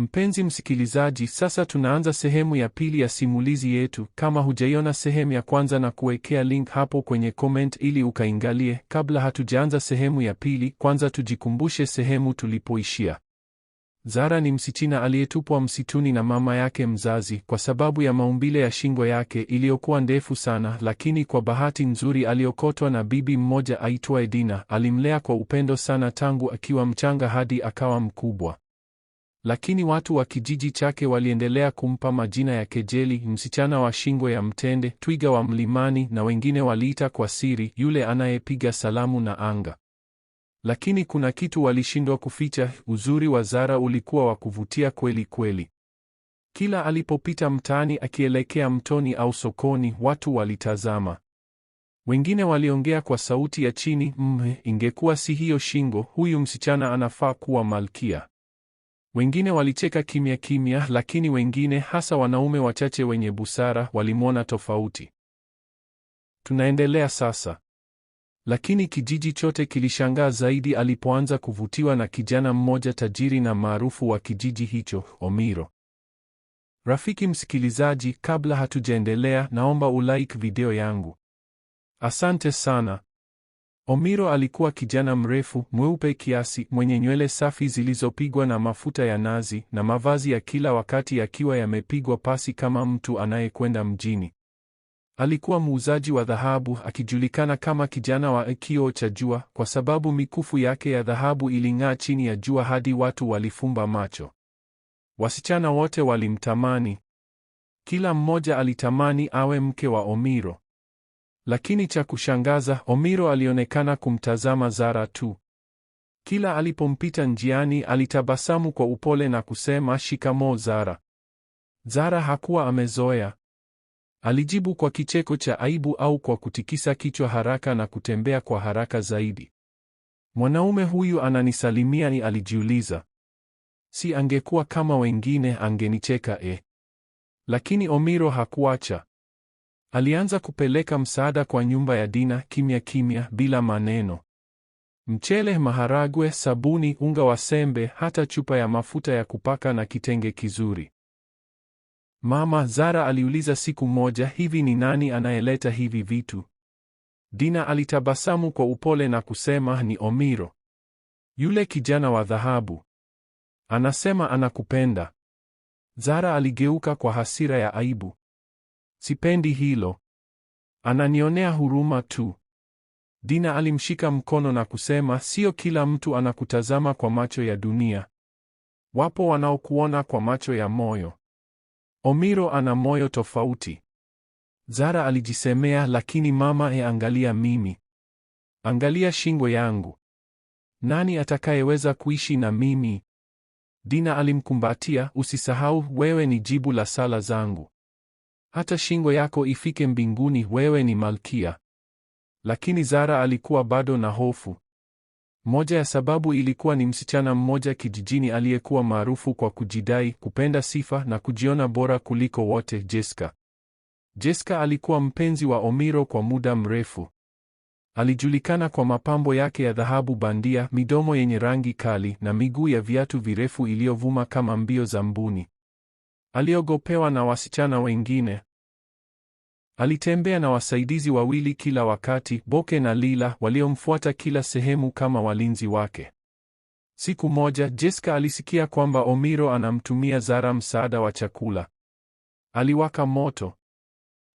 Mpenzi msikilizaji, sasa tunaanza sehemu ya pili ya simulizi yetu. Kama hujaiona sehemu ya kwanza, na kuwekea link hapo kwenye comment ili ukaingalie. Kabla hatujaanza sehemu ya pili, kwanza tujikumbushe sehemu tulipoishia. Zara ni msichana aliyetupwa msituni na mama yake mzazi kwa sababu ya maumbile ya shingo yake iliyokuwa ndefu sana, lakini kwa bahati nzuri aliokotwa na bibi mmoja aitwaye Dina. Alimlea kwa upendo sana tangu akiwa mchanga hadi akawa mkubwa. Lakini watu wa kijiji chake waliendelea kumpa majina ya kejeli, msichana wa shingo ya mtende, twiga wa mlimani, na wengine waliita kwa siri, yule anayepiga salamu na anga. Lakini kuna kitu walishindwa kuficha: uzuri wa Zara ulikuwa wa kuvutia kweli kweli. Kila alipopita mtaani akielekea mtoni au sokoni, watu walitazama. Wengine waliongea kwa sauti ya chini, mme ingekuwa si hiyo shingo, huyu msichana anafaa kuwa malkia. Wengine walicheka kimya kimya, lakini wengine, hasa wanaume wachache wenye busara, walimwona tofauti. Tunaendelea sasa. Lakini kijiji chote kilishangaa zaidi alipoanza kuvutiwa na kijana mmoja tajiri na maarufu wa kijiji hicho, Omiro. Rafiki msikilizaji, kabla hatujaendelea, naomba ulike video yangu. Asante sana. Omiro alikuwa kijana mrefu, mweupe kiasi, mwenye nywele safi zilizopigwa na mafuta ya nazi na mavazi ya kila wakati yakiwa yamepigwa pasi kama mtu anayekwenda mjini. Alikuwa muuzaji wa dhahabu akijulikana kama kijana wa kioo cha jua kwa sababu mikufu yake ya dhahabu iling'aa chini ya jua hadi watu walifumba macho. Wasichana wote walimtamani. Kila mmoja alitamani awe mke wa Omiro. Lakini cha kushangaza, Omiro alionekana kumtazama Zara tu. Kila alipompita njiani alitabasamu kwa upole na kusema shikamoo Zara. Zara hakuwa amezoea. Alijibu kwa kicheko cha aibu au kwa kutikisa kichwa haraka na kutembea kwa haraka zaidi. Mwanaume huyu ananisalimia ni, alijiuliza. Si angekuwa kama wengine angenicheka eh. Lakini Omiro hakuacha. Alianza kupeleka msaada kwa nyumba ya Dina kimya kimya, bila maneno. Mchele, maharagwe, sabuni, unga wa sembe, hata chupa ya mafuta ya kupaka na kitenge kizuri. Mama Zara aliuliza siku moja, hivi ni nani anayeleta hivi vitu? Dina alitabasamu kwa upole na kusema, ni Omiro, yule kijana wa dhahabu. Anasema anakupenda. Zara aligeuka kwa hasira ya aibu. Sipendi hilo. Ananionea huruma tu. Dina alimshika mkono na kusema, sio kila mtu anakutazama kwa macho ya dunia. Wapo wanaokuona kwa macho ya moyo. Omiro ana moyo tofauti. Zara alijisemea, lakini mama, e, angalia mimi. Angalia shingo yangu. Nani atakayeweza kuishi na mimi? Dina alimkumbatia, usisahau wewe ni jibu la sala zangu hata shingo yako ifike mbinguni, wewe ni malkia. Lakini Zara alikuwa bado na hofu. Moja ya sababu ilikuwa ni msichana mmoja kijijini aliyekuwa maarufu kwa kujidai, kupenda sifa na kujiona bora kuliko wote, Jeska. Jeska alikuwa mpenzi wa Omiro kwa muda mrefu. Alijulikana kwa mapambo yake ya dhahabu bandia, midomo yenye rangi kali na miguu ya viatu virefu iliyovuma kama mbio za mbuni. Aliogopewa na wasichana wengine. Alitembea na wasaidizi wawili kila wakati, Boke na Lila, waliomfuata kila sehemu kama walinzi wake. Siku moja, Jessica alisikia kwamba Omiro anamtumia Zara msaada wa chakula. Aliwaka moto.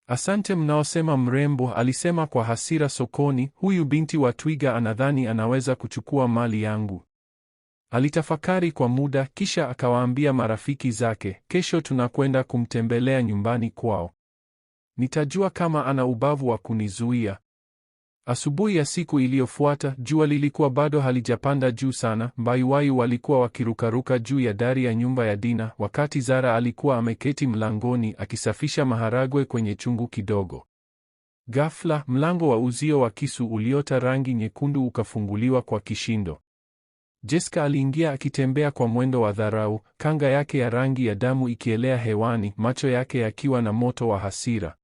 Asante mnaosema mrembo, alisema kwa hasira sokoni, huyu binti wa twiga anadhani anaweza kuchukua mali yangu. Alitafakari kwa muda kisha akawaambia marafiki zake, kesho tunakwenda kumtembelea nyumbani kwao. Nitajua kama ana ubavu wa kunizuia. Asubuhi ya siku iliyofuata, jua lilikuwa bado halijapanda juu sana. Mbayuwayu walikuwa wakirukaruka juu ya dari ya nyumba ya Dina, wakati Zara alikuwa ameketi mlangoni akisafisha maharagwe kwenye chungu kidogo. Ghafla, mlango wa uzio wa kisu uliota rangi nyekundu ukafunguliwa kwa kishindo. Jessica aliingia akitembea kwa mwendo wa dharau, kanga yake ya rangi ya damu ikielea hewani, macho yake yakiwa na moto wa hasira.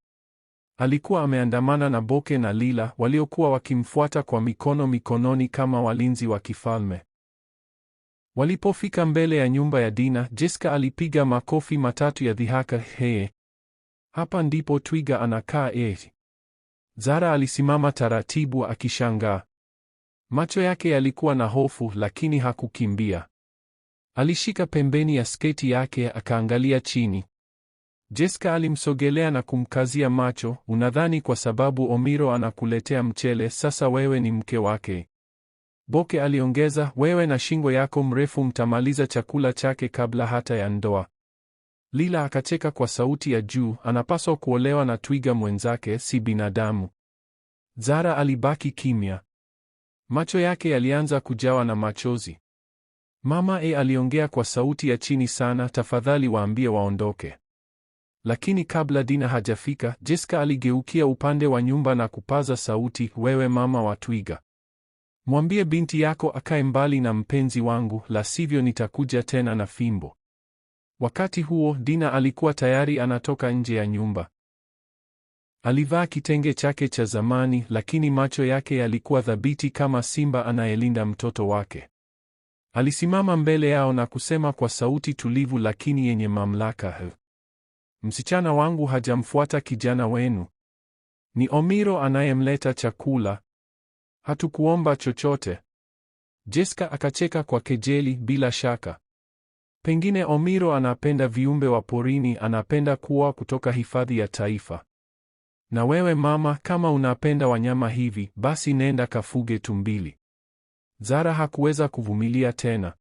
Alikuwa ameandamana na Boke na Lila waliokuwa wakimfuata kwa mikono mikononi kama walinzi wa kifalme. Walipofika mbele ya nyumba ya Dina, Jessica alipiga makofi matatu ya dhihaka. Heye, hapa ndipo twiga anakaa eh! Zara alisimama taratibu akishangaa. Macho yake yalikuwa na hofu, lakini hakukimbia. Alishika pembeni ya sketi yake akaangalia chini. Jessica alimsogelea na kumkazia macho. Unadhani kwa sababu Omiro anakuletea mchele sasa wewe ni mke wake? Boke aliongeza, wewe na shingo yako mrefu mtamaliza chakula chake kabla hata ya ndoa. Lila akacheka kwa sauti ya juu, anapaswa kuolewa na twiga mwenzake, si binadamu. Zara alibaki kimya. Macho yake yalianza kujawa na machozi. Mama e aliongea kwa sauti ya chini sana, tafadhali waambie waondoke. Lakini kabla Dina hajafika, Jessica aligeukia upande wa nyumba na kupaza sauti, wewe mama wa Twiga, mwambie binti yako akae mbali na mpenzi wangu, la sivyo nitakuja tena na fimbo. Wakati huo Dina alikuwa tayari anatoka nje ya nyumba. Alivaa kitenge chake cha zamani, lakini macho yake yalikuwa thabiti kama simba anayelinda mtoto wake. Alisimama mbele yao na kusema kwa sauti tulivu lakini yenye mamlaka, msichana wangu hajamfuata kijana wenu. Ni Omiro anayemleta chakula, hatukuomba chochote. Jessica akacheka kwa kejeli, bila shaka Pengine Omiro anapenda viumbe wa porini, anapenda kuwa kutoka hifadhi ya taifa. Na wewe mama, kama unapenda wanyama hivi, basi nenda kafuge tumbili. Zara hakuweza kuvumilia tena,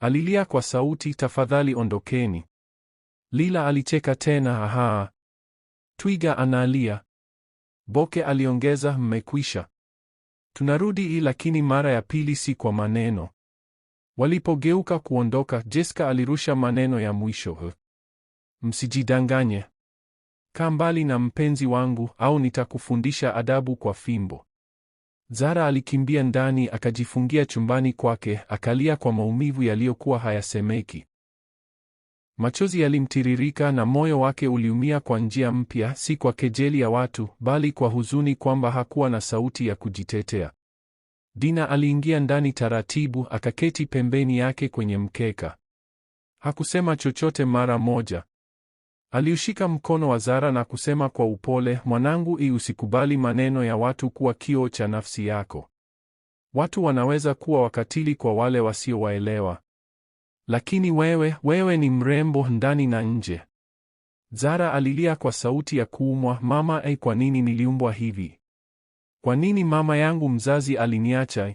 alilia kwa sauti, tafadhali ondokeni. Lila alicheka tena, aha, twiga analia. Boke aliongeza, mmekwisha. Tunarudi, lakini mara ya pili si kwa maneno. Walipogeuka kuondoka, Jessica alirusha maneno ya mwisho, msijidanganye. Kaa mbali na mpenzi wangu au nitakufundisha adabu kwa fimbo. Zara alikimbia ndani akajifungia chumbani kwake, akalia kwa maumivu yaliyokuwa hayasemeki. Machozi yalimtiririka na moyo wake uliumia kwa njia mpya, si kwa kejeli ya watu, bali kwa huzuni kwamba hakuwa na sauti ya kujitetea. Dina aliingia ndani taratibu, akaketi pembeni yake kwenye mkeka. Hakusema chochote mara moja. Aliushika mkono wa Zara na kusema kwa upole, mwanangu, i usikubali maneno ya watu kuwa kioo cha nafsi yako. Watu wanaweza kuwa wakatili kwa wale wasiowaelewa, lakini wewe, wewe ni mrembo ndani na nje. Zara alilia kwa sauti ya kuumwa, mama, ei, eh, kwa nini niliumbwa hivi? Kwa nini mama yangu mzazi aliniacha?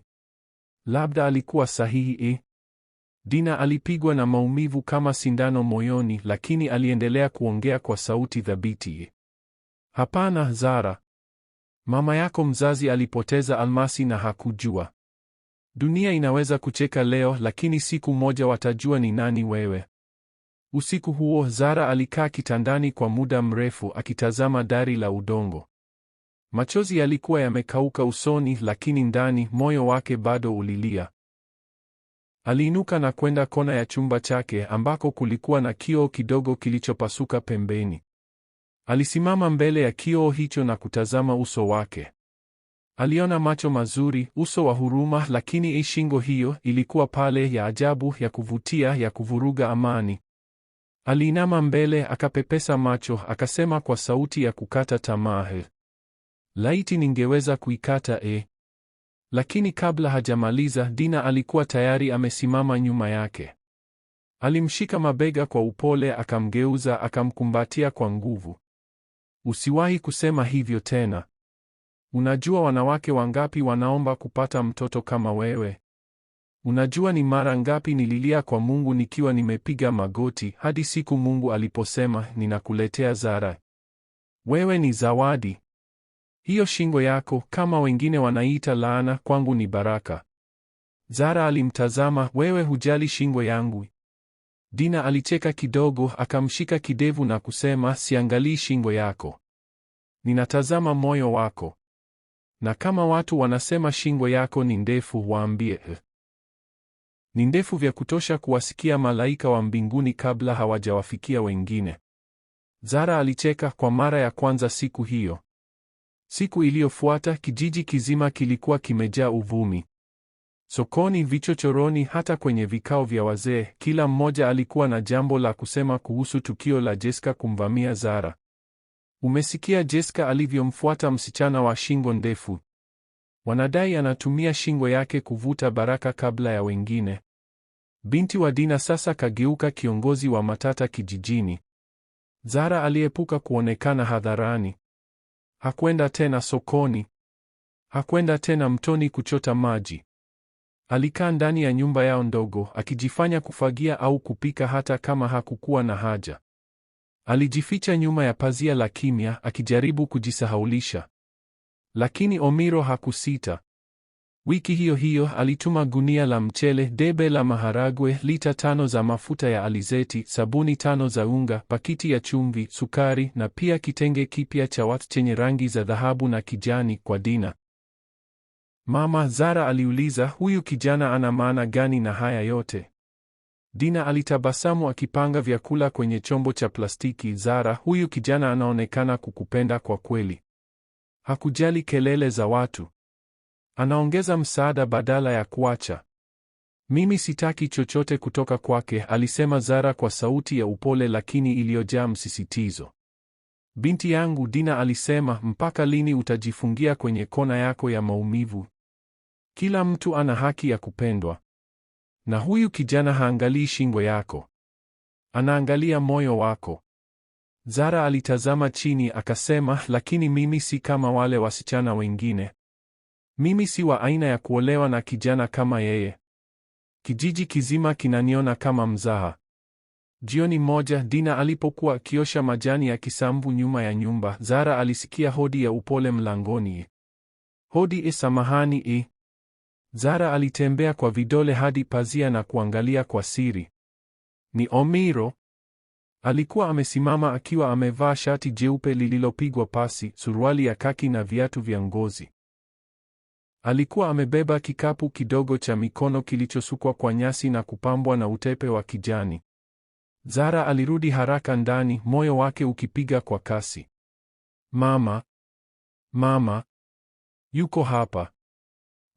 Labda alikuwa sahihi. Eh, Dina alipigwa na maumivu kama sindano moyoni, lakini aliendelea kuongea kwa sauti thabiti. Hapana Zara, mama yako mzazi alipoteza almasi na hakujua. Dunia inaweza kucheka leo, lakini siku moja watajua ni nani wewe. Usiku huo Zara alikaa kitandani kwa muda mrefu akitazama dari la udongo. Machozi yalikuwa yamekauka usoni, lakini ndani moyo wake bado ulilia. Aliinuka na kwenda kona ya chumba chake ambako kulikuwa na kioo kidogo kilichopasuka pembeni. Alisimama mbele ya kioo hicho na kutazama uso wake. Aliona macho mazuri, uso wa huruma, lakini ishingo hiyo ilikuwa pale ya ajabu, ya kuvutia, ya kuvuruga amani. Aliinama mbele, akapepesa macho, akasema kwa sauti ya kukata tamaa, laiti ningeweza kuikata e lakini kabla hajamaliza, Dina alikuwa tayari amesimama nyuma yake. Alimshika mabega kwa upole, akamgeuza, akamkumbatia kwa nguvu. Usiwahi kusema hivyo tena. Unajua wanawake wangapi wanaomba kupata mtoto kama wewe? Unajua ni mara ngapi nililia kwa Mungu nikiwa nimepiga magoti hadi siku Mungu aliposema, ninakuletea Zara. Wewe ni zawadi. Hiyo shingo yako, kama wengine wanaita laana, kwangu ni baraka. Zara alimtazama, wewe hujali shingo yangu? Dina alicheka kidogo, akamshika kidevu na kusema, siangalii shingo yako, ninatazama moyo wako, na kama watu wanasema shingo yako ni ndefu, waambie eh. ni ndefu vya kutosha kuwasikia malaika wa mbinguni kabla hawajawafikia wengine. Zara alicheka kwa mara ya kwanza siku hiyo. Siku iliyofuata kijiji kizima kilikuwa kimejaa uvumi. Sokoni, vichochoroni, hata kwenye vikao vya wazee, kila mmoja alikuwa na jambo la kusema kuhusu tukio la Jeska kumvamia Zara. Umesikia Jeska alivyomfuata msichana wa shingo ndefu? Wanadai anatumia shingo yake kuvuta baraka kabla ya wengine. Binti wa Dina sasa kageuka kiongozi wa matata kijijini. Zara aliepuka kuonekana hadharani. Hakwenda tena sokoni. Hakwenda tena mtoni kuchota maji. Alikaa ndani ya nyumba yao ndogo akijifanya kufagia au kupika hata kama hakukuwa na haja. Alijificha nyuma ya pazia la kimya akijaribu kujisahaulisha. Lakini Omiro hakusita. Wiki hiyo hiyo alituma gunia la mchele, debe la maharagwe, lita tano za mafuta ya alizeti, sabuni tano za unga, pakiti ya chumvi, sukari na pia kitenge kipya cha wat chenye rangi za dhahabu na kijani kwa Dina. Mama Zara aliuliza, huyu kijana ana maana gani na haya yote? Dina alitabasamu akipanga vyakula kwenye chombo cha plastiki. Zara, huyu kijana anaonekana kukupenda kwa kweli. Hakujali kelele za watu. Anaongeza msaada badala ya kuacha. Mimi sitaki chochote kutoka kwake, alisema Zara kwa sauti ya upole lakini iliyojaa msisitizo. Binti yangu Dina, alisema, mpaka lini utajifungia kwenye kona yako ya maumivu? Kila mtu ana haki ya kupendwa, na huyu kijana haangalii shingo yako, anaangalia moyo wako. Zara alitazama chini akasema, lakini mimi si kama wale wasichana wengine. Mimi si wa aina ya kuolewa na kijana kama yeye. Kijiji kizima kinaniona kama mzaha. Jioni moja, Dina alipokuwa akiosha majani ya kisambu nyuma ya nyumba, Zara alisikia hodi ya upole mlangoni. Hodi, e, samahani e. Zara alitembea kwa vidole hadi pazia na kuangalia kwa siri. Ni Omiro. Alikuwa amesimama akiwa amevaa shati jeupe lililopigwa pasi, suruali ya kaki na viatu vya ngozi. Alikuwa amebeba kikapu kidogo cha mikono kilichosukwa kwa nyasi na kupambwa na utepe wa kijani. Zara alirudi haraka ndani, moyo wake ukipiga kwa kasi. Mama, mama yuko hapa.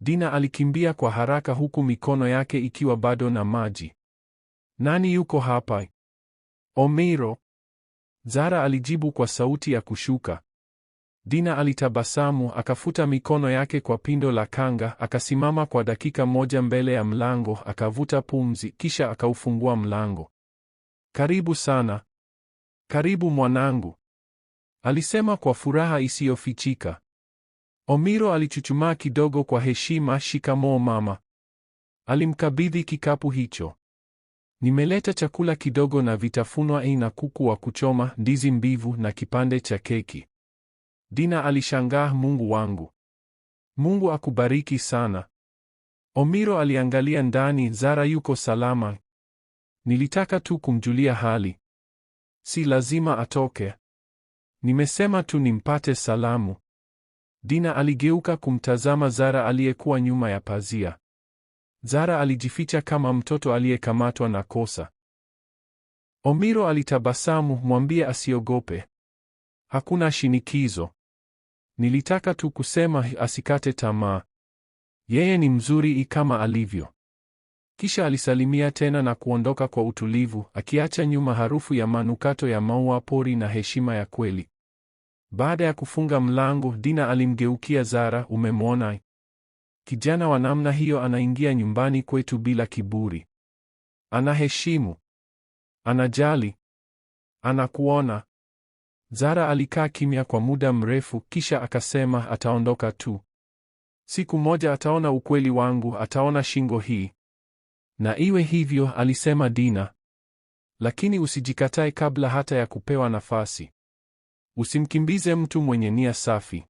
Dina alikimbia kwa haraka huku mikono yake ikiwa bado na maji. Nani yuko hapa? Omiro, Zara alijibu kwa sauti ya kushuka. Dina alitabasamu, akafuta mikono yake kwa pindo la kanga, akasimama kwa dakika moja mbele ya mlango, akavuta pumzi, kisha akaufungua mlango. Karibu sana. Karibu mwanangu. Alisema kwa furaha isiyofichika. Omiro alichuchumaa kidogo kwa heshima, shikamoo mama. Alimkabidhi kikapu hicho. Nimeleta chakula kidogo na vitafunwa, aina kuku wa kuchoma, ndizi mbivu na kipande cha keki. Dina alishangaa, Mungu wangu, Mungu akubariki sana. Omiro aliangalia ndani, Zara yuko salama. Nilitaka tu kumjulia hali, si lazima atoke, nimesema tu nimpate salamu. Dina aligeuka kumtazama Zara aliyekuwa nyuma ya pazia. Zara alijificha kama mtoto aliyekamatwa na kosa. Omiro alitabasamu, mwambie asiogope, hakuna shinikizo. Nilitaka tu kusema asikate tamaa. Yeye ni mzuri kama alivyo. Kisha alisalimia tena na kuondoka kwa utulivu, akiacha nyuma harufu ya manukato ya maua pori na heshima ya kweli. Baada ya kufunga mlango, Dina alimgeukia Zara, umemwona? Kijana wa namna hiyo anaingia nyumbani kwetu bila kiburi. Anaheshimu. Anajali. Anakuona. Zara alikaa kimya kwa muda mrefu, kisha akasema, ataondoka tu, siku moja ataona ukweli wangu, ataona shingo hii. Na iwe hivyo, alisema Dina, lakini usijikatae kabla hata ya kupewa nafasi. Usimkimbize mtu mwenye nia safi.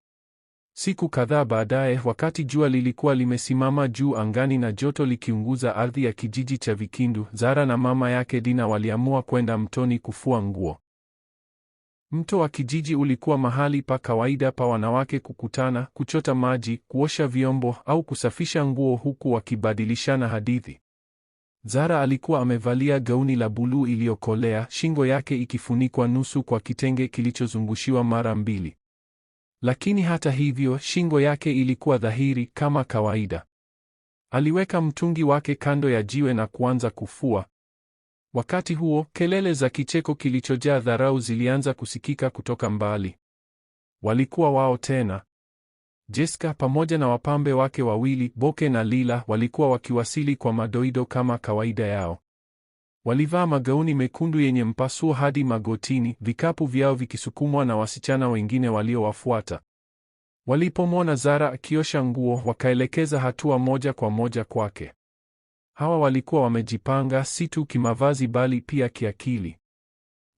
Siku kadhaa baadaye, wakati jua lilikuwa limesimama juu angani na joto likiunguza ardhi ya kijiji cha Vikindu, Zara na mama yake Dina waliamua kwenda mtoni kufua nguo. Mto wa kijiji ulikuwa mahali pa kawaida pa wanawake kukutana, kuchota maji, kuosha vyombo au kusafisha nguo huku wakibadilishana hadithi. Zara alikuwa amevalia gauni la buluu iliyokolea, shingo yake ikifunikwa nusu kwa kitenge kilichozungushiwa mara mbili. Lakini hata hivyo, shingo yake ilikuwa dhahiri kama kawaida. Aliweka mtungi wake kando ya jiwe na kuanza kufua. Wakati huo, kelele za kicheko kilichojaa dharau zilianza kusikika kutoka mbali. Walikuwa wao tena. Jessica pamoja na wapambe wake wawili, Boke na Lila, walikuwa wakiwasili kwa madoido kama kawaida yao. Walivaa magauni mekundu yenye mpasuo hadi magotini, vikapu vyao vikisukumwa na wasichana wengine waliowafuata. Walipomwona Zara akiosha nguo, wakaelekeza hatua moja kwa moja kwake. Hawa walikuwa wamejipanga si tu kimavazi bali pia kiakili.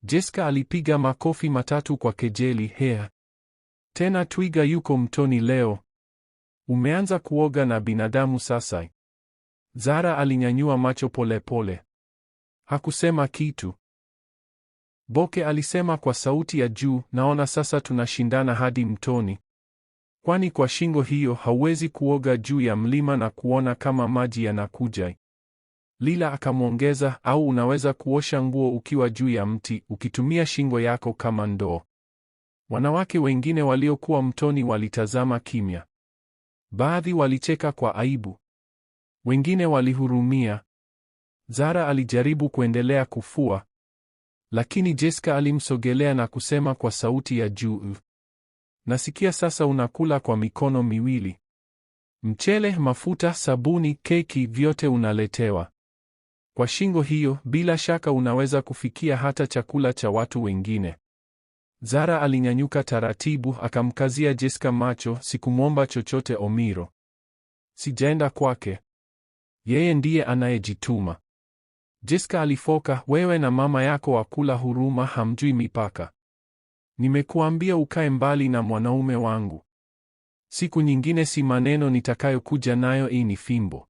Jeska alipiga makofi matatu kwa kejeli. Hea, tena twiga yuko mtoni leo. Umeanza kuoga na binadamu sasa. Zara alinyanyua macho polepole pole. Hakusema kitu. Boke alisema kwa sauti ya juu, naona sasa tunashindana hadi mtoni. Kwani kwa shingo hiyo hauwezi kuoga juu ya mlima na kuona kama maji yanakuja. Lila akamwongeza, au unaweza kuosha nguo ukiwa juu ya mti ukitumia shingo yako kama ndoo. Wanawake wengine waliokuwa mtoni walitazama kimya. Baadhi walicheka kwa aibu, wengine walihurumia. Zara alijaribu kuendelea kufua, lakini Jessica alimsogelea na kusema kwa sauti ya juu, nasikia sasa unakula kwa mikono miwili. Mchele, mafuta, sabuni, keki, vyote unaletewa. Kwa shingo hiyo, bila shaka unaweza kufikia hata chakula cha watu wengine. Zara alinyanyuka taratibu, akamkazia Jessica macho. Sikumwomba chochote Omiro, sijaenda kwake, yeye ndiye anayejituma. Jessica alifoka, wewe na mama yako wakula huruma, hamjui mipaka. Nimekuambia ukae mbali na mwanaume wangu. Siku nyingine si maneno nitakayokuja nayo, hii ni fimbo.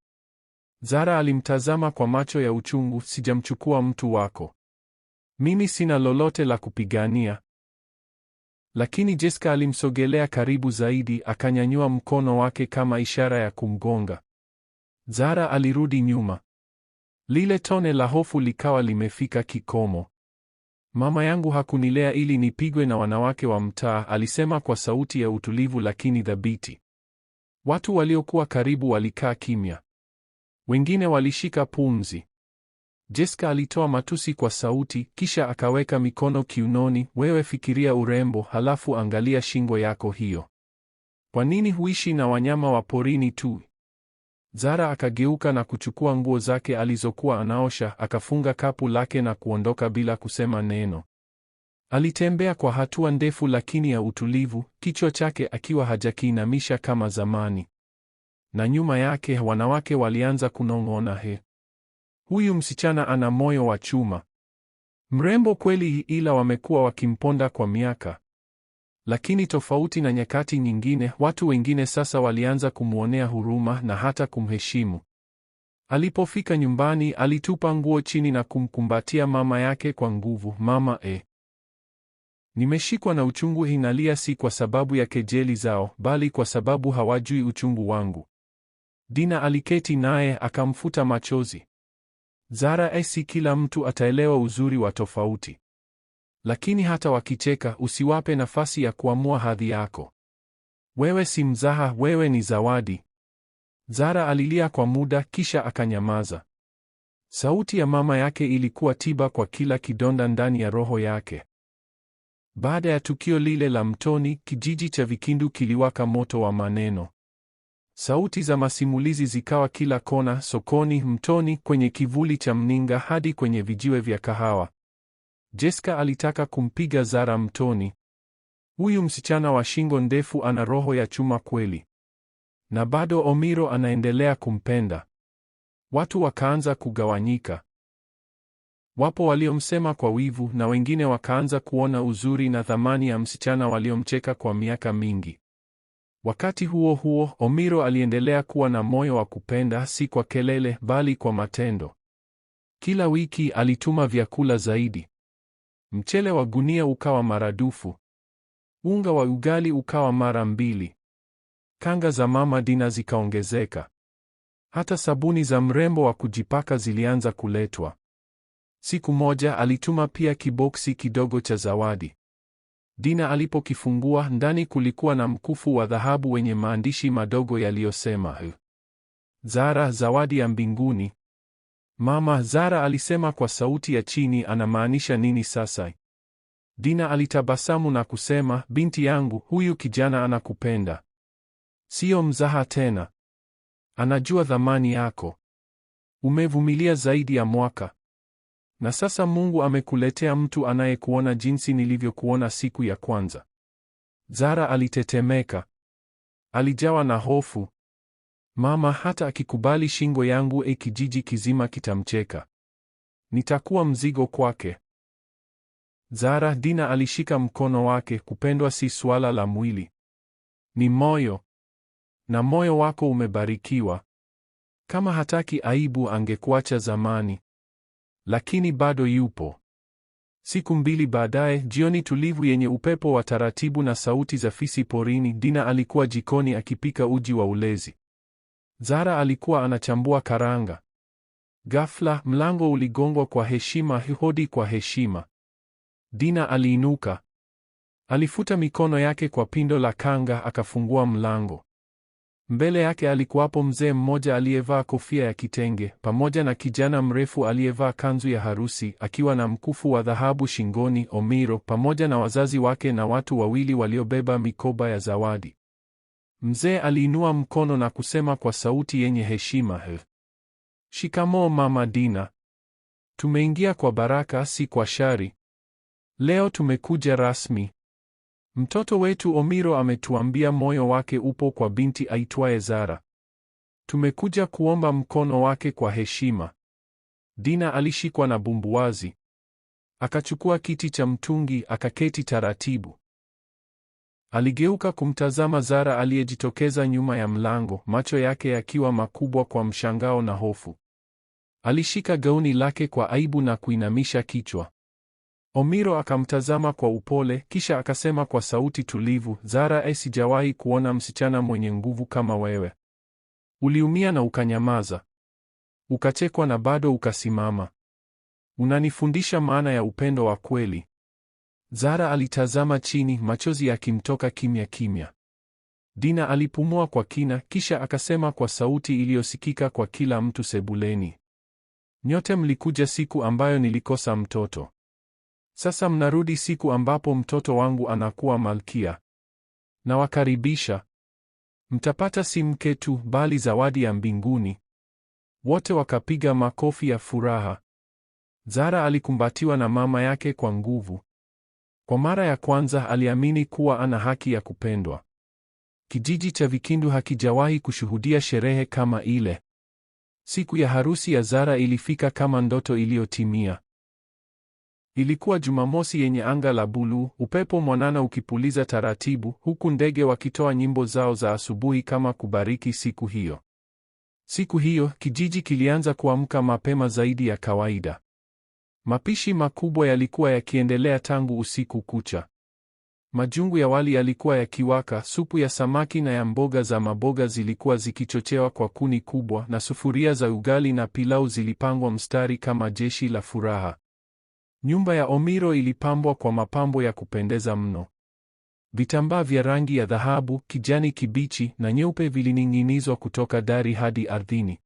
Zara alimtazama kwa macho ya uchungu. Sijamchukua mtu wako, mimi sina lolote la kupigania. Lakini Jessica alimsogelea karibu zaidi, akanyanyua mkono wake kama ishara ya kumgonga. Zara alirudi nyuma. Lile tone la hofu likawa limefika kikomo. Mama yangu hakunilea ili nipigwe na wanawake wa mtaa, alisema kwa sauti ya utulivu lakini thabiti. Watu waliokuwa karibu walikaa kimya. Wengine walishika pumzi. Jessica alitoa matusi kwa sauti, kisha akaweka mikono kiunoni. Wewe fikiria urembo, halafu angalia shingo yako hiyo. Kwa nini huishi na wanyama wa porini tu? Zara akageuka na kuchukua nguo zake alizokuwa anaosha, akafunga kapu lake na kuondoka bila kusema neno. Alitembea kwa hatua ndefu lakini ya utulivu, kichwa chake akiwa hajakiinamisha kama zamani na nyuma yake wanawake walianza kunong'ona, he, huyu msichana ana moyo wa chuma, mrembo kweli, ila wamekuwa wakimponda kwa miaka. Lakini tofauti na nyakati nyingine, watu wengine sasa walianza kumwonea huruma na hata kumheshimu. Alipofika nyumbani, alitupa nguo chini na kumkumbatia mama yake kwa nguvu. Mama e, nimeshikwa na uchungu, hinalia, si kwa sababu ya kejeli zao, bali kwa sababu hawajui uchungu wangu. Dina aliketi naye akamfuta machozi. Zara esi, kila mtu ataelewa uzuri wa tofauti, lakini hata wakicheka, usiwape nafasi ya kuamua hadhi yako. Wewe si mzaha, wewe ni zawadi. Zara alilia kwa muda, kisha akanyamaza. Sauti ya mama yake ilikuwa tiba kwa kila kidonda ndani ya roho yake. Baada ya tukio lile la mtoni, kijiji cha Vikindu kiliwaka moto wa maneno. Sauti za masimulizi zikawa kila kona, sokoni, mtoni, kwenye kivuli cha mninga, hadi kwenye vijiwe vya kahawa. Jeska alitaka kumpiga Zara mtoni. Huyu msichana wa shingo ndefu ana roho ya chuma kweli. Na bado Omiro anaendelea kumpenda. Watu wakaanza kugawanyika. Wapo waliomsema kwa wivu na wengine wakaanza kuona uzuri na thamani ya msichana waliomcheka kwa miaka mingi. Wakati huo huo, Omiro aliendelea kuwa na moyo wa kupenda, si kwa kelele, bali kwa matendo. Kila wiki alituma vyakula zaidi. Mchele wa gunia ukawa maradufu, unga wa ugali ukawa mara mbili, kanga za mama Dina zikaongezeka. Hata sabuni za mrembo wa kujipaka zilianza kuletwa. Siku moja alituma pia kiboksi kidogo cha zawadi. Dina alipokifungua ndani kulikuwa na mkufu wa dhahabu wenye maandishi madogo yaliyosema Zara, zawadi ya mbinguni. Mama Zara alisema kwa sauti ya chini, anamaanisha nini sasa? Dina alitabasamu na kusema, binti yangu, huyu kijana anakupenda. Sio mzaha tena. Anajua thamani yako. Umevumilia zaidi ya mwaka. Na sasa Mungu amekuletea mtu anayekuona jinsi nilivyokuona siku ya kwanza. Zara alitetemeka. Alijawa na hofu. Mama hata akikubali shingo yangu, e, kijiji kizima kitamcheka. Nitakuwa mzigo kwake. Zara, Dina alishika mkono wake. Kupendwa si suala la mwili, ni moyo, na moyo wako umebarikiwa. Kama hataki aibu, angekuacha zamani lakini bado yupo. Siku mbili baadaye, jioni tulivu yenye upepo wa taratibu na sauti za fisi porini, Dina alikuwa jikoni akipika uji wa ulezi. Zara alikuwa anachambua karanga. Ghafla mlango uligongwa kwa heshima, hodi kwa heshima. Dina aliinuka, alifuta mikono yake kwa pindo la kanga, akafungua mlango. Mbele yake alikuwapo mzee mmoja aliyevaa kofia ya kitenge pamoja na kijana mrefu aliyevaa kanzu ya harusi akiwa na mkufu wa dhahabu shingoni, Omiro, pamoja na wazazi wake na watu wawili waliobeba mikoba ya zawadi. Mzee aliinua mkono na kusema kwa sauti yenye heshima, Shikamoo Mama Dina. Tumeingia kwa baraka, si kwa shari. Leo tumekuja rasmi. Mtoto wetu Omiro ametuambia moyo wake upo kwa binti aitwaye Zara. Tumekuja kuomba mkono wake kwa heshima. Dina alishikwa na bumbuazi. Akachukua kiti cha mtungi akaketi taratibu. Aligeuka kumtazama Zara aliyejitokeza nyuma ya mlango, macho yake yakiwa makubwa kwa mshangao na hofu. Alishika gauni lake kwa aibu na kuinamisha kichwa. Omiro akamtazama kwa upole, kisha akasema kwa sauti tulivu, Zara, eh, sijawahi kuona msichana mwenye nguvu kama wewe. Uliumia na ukanyamaza, ukachekwa na bado ukasimama. Unanifundisha maana ya upendo wa kweli. Zara alitazama chini, machozi yakimtoka kimya kimya. Dina alipumua kwa kina, kisha akasema kwa sauti iliyosikika kwa kila mtu sebuleni, nyote mlikuja siku ambayo nilikosa mtoto. Sasa mnarudi siku ambapo mtoto wangu anakuwa malkia. Nawakaribisha. Mtapata si mke tu, bali zawadi ya mbinguni. Wote wakapiga makofi ya furaha. Zara alikumbatiwa na mama yake kwa nguvu. Kwa mara ya kwanza aliamini kuwa ana haki ya kupendwa. Kijiji cha Vikindu hakijawahi kushuhudia sherehe kama ile. Siku ya harusi ya Zara ilifika kama ndoto iliyotimia. Ilikuwa Jumamosi yenye anga la buluu, upepo mwanana ukipuliza taratibu, huku ndege wakitoa nyimbo zao za asubuhi kama kubariki siku hiyo. Siku hiyo kijiji kilianza kuamka mapema zaidi ya kawaida. Mapishi makubwa yalikuwa yakiendelea tangu usiku kucha. Majungu ya wali yalikuwa yakiwaka, supu ya samaki na ya mboga za maboga zilikuwa zikichochewa kwa kuni kubwa, na sufuria za ugali na pilau zilipangwa mstari kama jeshi la furaha. Nyumba ya Omiro ilipambwa kwa mapambo ya kupendeza mno. Vitambaa vya rangi ya dhahabu, kijani kibichi na nyeupe vilining'inizwa kutoka dari hadi ardhini.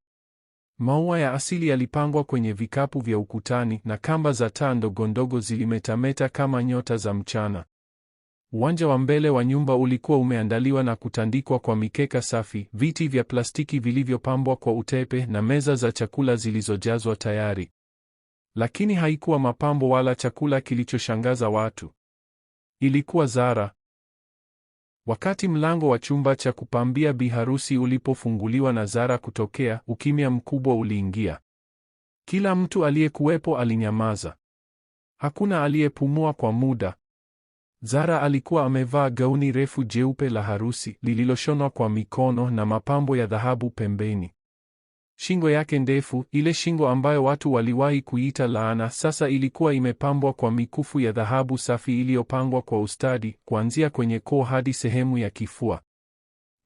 Maua ya asili yalipangwa kwenye vikapu vya ukutani na kamba za taa ndogondogo zilimetameta kama nyota za mchana. Uwanja wa mbele wa nyumba ulikuwa umeandaliwa na kutandikwa kwa mikeka safi, viti vya plastiki vilivyopambwa kwa utepe na meza za chakula zilizojazwa tayari. Lakini haikuwa mapambo wala chakula kilichoshangaza watu. Ilikuwa Zara. Wakati mlango wa chumba cha kupambia biharusi ulipofunguliwa na Zara kutokea, ukimya mkubwa uliingia. Kila mtu aliyekuwepo alinyamaza. Hakuna aliyepumua kwa muda. Zara alikuwa amevaa gauni refu jeupe la harusi lililoshonwa kwa mikono na mapambo ya dhahabu pembeni. Shingo yake ndefu, ile shingo ambayo watu waliwahi kuita laana, sasa ilikuwa imepambwa kwa mikufu ya dhahabu safi iliyopangwa kwa ustadi, kuanzia kwenye koo hadi sehemu ya kifua.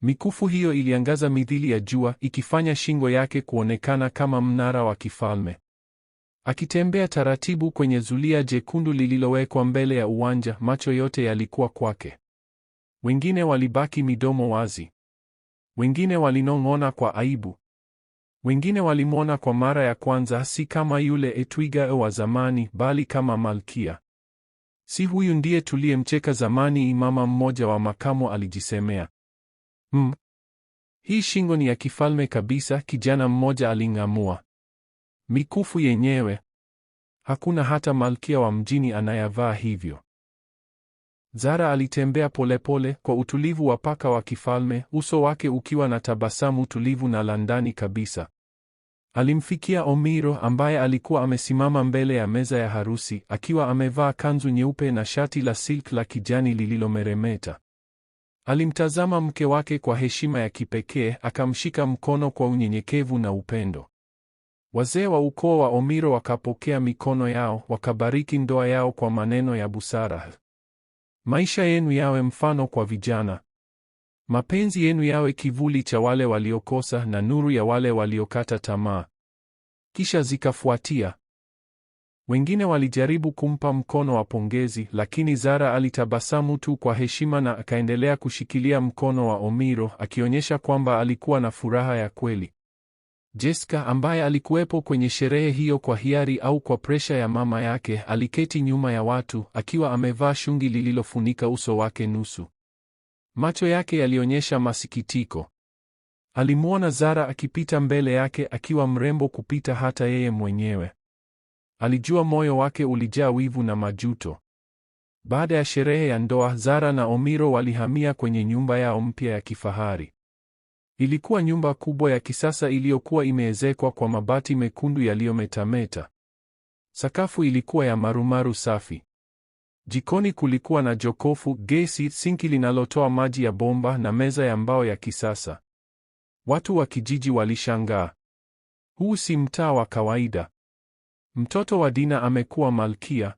Mikufu hiyo iliangaza midhili ya jua, ikifanya shingo yake kuonekana kama mnara wa kifalme. Akitembea taratibu kwenye zulia jekundu lililowekwa mbele ya uwanja, macho yote yalikuwa kwake. Wengine walibaki midomo wazi, wengine walinong'ona kwa aibu. Wengine walimwona kwa mara ya kwanza si kama yule Etwiga wa zamani, bali kama malkia. Si huyu ndiye tuliyemcheka zamani? Mama mmoja wa makamo alijisemea. Mm, hii shingo ni ya kifalme kabisa, kijana mmoja aling'amua. Mikufu yenyewe hakuna hata malkia wa mjini anayavaa hivyo. Zara alitembea polepole kwa utulivu wa paka wa kifalme, uso wake ukiwa na tabasamu tulivu na la ndani kabisa. Alimfikia Omiro ambaye alikuwa amesimama mbele ya meza ya harusi akiwa amevaa kanzu nyeupe na shati la silk la kijani lililomeremeta. Alimtazama mke wake kwa heshima ya kipekee, akamshika mkono kwa unyenyekevu na upendo. Wazee wa ukoo wa Omiro wakapokea mikono yao, wakabariki ndoa yao kwa maneno ya busara. Maisha yenu yawe mfano kwa vijana. Mapenzi yenu yawe kivuli cha wale waliokosa na nuru ya wale waliokata tamaa. Kisha zikafuatia. Wengine walijaribu kumpa mkono wa pongezi, lakini Zara alitabasamu tu kwa heshima na akaendelea kushikilia mkono wa Omiro, akionyesha kwamba alikuwa na furaha ya kweli. Jessica ambaye alikuwepo kwenye sherehe hiyo kwa hiari au kwa presha ya mama yake, aliketi nyuma ya watu akiwa amevaa shungi lililofunika uso wake nusu. Macho yake yalionyesha masikitiko. Alimwona Zara akipita mbele yake akiwa mrembo kupita hata yeye mwenyewe. Alijua moyo wake ulijaa wivu na majuto. Baada ya sherehe ya ndoa, Zara na Omiro walihamia kwenye nyumba yao mpya ya kifahari. Ilikuwa nyumba kubwa ya kisasa iliyokuwa imeezekwa kwa mabati mekundu yaliyometameta. Sakafu ilikuwa ya marumaru safi. Jikoni kulikuwa na jokofu, gesi, sinki linalotoa maji ya bomba na meza ya mbao ya kisasa. Watu wa kijiji walishangaa. Huu si mtaa wa kawaida. Mtoto wa Dina amekuwa malkia.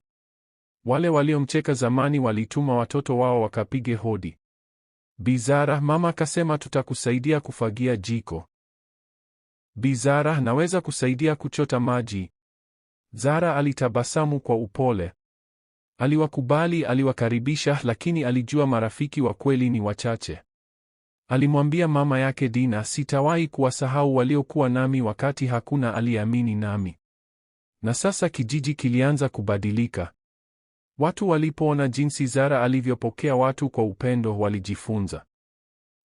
Wale waliomcheka zamani walituma watoto wao wakapige hodi. Bizara, mama kasema tutakusaidia kufagia jiko. Bizara, naweza kusaidia kuchota maji. Zara alitabasamu kwa upole. Aliwakubali, aliwakaribisha, lakini alijua marafiki wa kweli ni wachache. Alimwambia mama yake Dina, sitawahi kuwasahau waliokuwa nami wakati hakuna aliamini nami. Na sasa kijiji kilianza kubadilika. Watu walipoona jinsi Zara alivyopokea watu kwa upendo, walijifunza.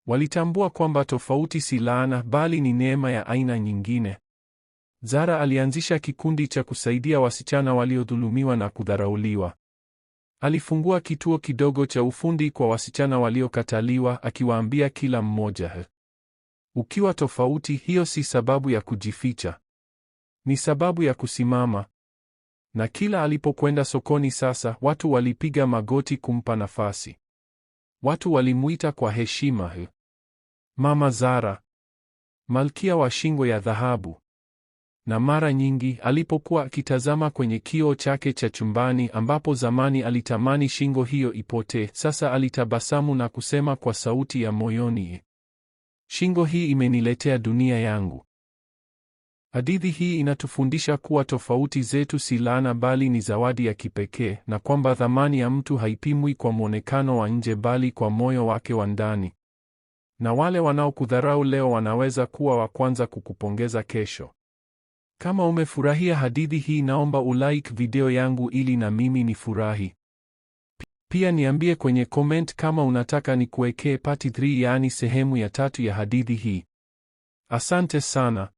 Walitambua kwamba tofauti si laana, bali ni neema ya aina nyingine. Zara alianzisha kikundi cha kusaidia wasichana waliodhulumiwa na kudharauliwa. Alifungua kituo kidogo cha ufundi kwa wasichana waliokataliwa, akiwaambia kila mmoja, eh, ukiwa tofauti, hiyo si sababu ya kujificha, ni sababu ya kusimama. Na kila alipokwenda sokoni sasa, watu walipiga magoti kumpa nafasi. Watu walimuita kwa heshima, Mama Zara, malkia wa shingo ya dhahabu. Na mara nyingi alipokuwa akitazama kwenye kioo chake cha chumbani, ambapo zamani alitamani shingo hiyo ipotee, sasa alitabasamu na kusema kwa sauti ya moyoni, shingo hii imeniletea dunia yangu. Hadithi hii inatufundisha kuwa tofauti zetu si laana bali ni zawadi ya kipekee na kwamba thamani ya mtu haipimwi kwa mwonekano wa nje bali kwa moyo wake wa ndani. Na wale wanaokudharau leo wanaweza kuwa wa kwanza kukupongeza kesho. Kama umefurahia hadithi hii, naomba ulike video yangu ili na mimi nifurahi. Pia niambie kwenye comment kama unataka nikuwekee part 3, yaani sehemu ya tatu ya hadithi hii. Asante sana.